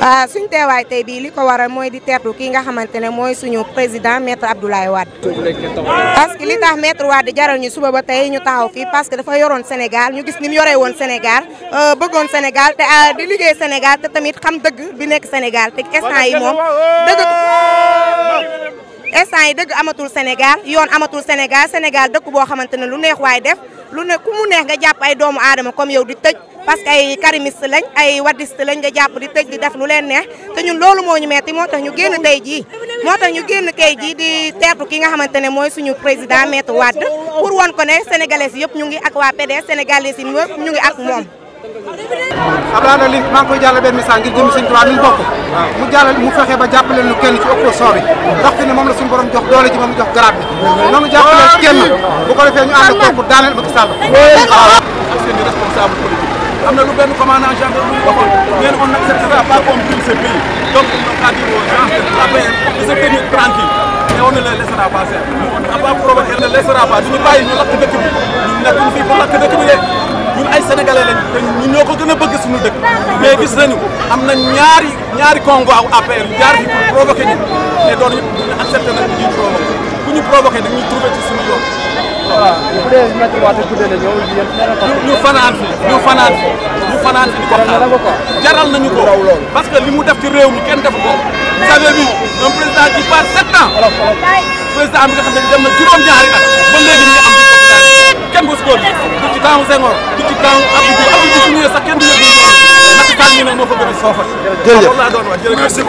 Ah, suñ teewaay tey bii li ko waral mooy di teertu kii nga xamante ne mooy suñu président maître Abdoulaye Wade. parce que li tax maître Wade jaral ñu suba ba tey ñu taxaw fii parce que dafa yoroon Sénégal ñu gis ni mu yoree woon Sénégal euh, bëggoon Sénégal te ah, di liggéey Sénégal te tamit xam dëgg bi nekk Sénégal te instant yi moom eh! dëgg. instant yi dëgg amatul Sénégal yoon amatul Sénégal Sénégal dëkk boo xamante ne lu neex waaye def lu ne ku mu neex nga jàpp ay doomu aadama comme yow di tëj parce que ay karimiste lañ ay wadiste lañ nga jàpp di tëj di def lu leen neex te ñun loolu moo ñu metti moo tax ñu génn tey jii moo tax ñu génn tey jii di teertu ki nga xamante ne mooy suñu président Maître Wade pour won ko ne sénégalais yëpp ñu ngi ak waa PDS sénégalais yi ñu ngi ak moom Abdoulaye nag li maa ngi koy jàllale benn message ngir jëm Sëñ Tuubaa mi bokk mu jàllal fexe ba jàppale nu kenn ci opposition bi ndax fi ne moom la suñu jox doole ji moom jox garaat bi noonu jàppale kenn bu ko defee ñu ànd ko pour daaneel Macky Sall ak seen responsable politique am na lu benn commandant gendarme bu waxoon nee na on n'accepte pas qu'on brûle ce a n'a pas bi ñu nekk ñun ay sénégalais lañ te ñun ñoo ko gën a am na ñaari ñaari congo ak APR yu jaar fi pour provoqué ñu mais doon ñu accepté bu ñu provoqué dañuy trouvé ci suñu yoon. voilà bu dee ñetti waxtu tuddee la ñëw yéen ñu fanaan fi ñu fanaan fi ñu fanaan fi di ko xaar jaral nañu ko parce que li mu def ci réew mi kenn defu ko. vous avez vu un président qui passe sept ans président bi nga xam ne dem na juróom temps Senghor du ci temps Abdou Diouf Abdou Diouf ñu ne sax kenn du yëg Macky Sall ñu ne moo ko gën a soofal jërëjëf loolu laa doon wax jërëjëf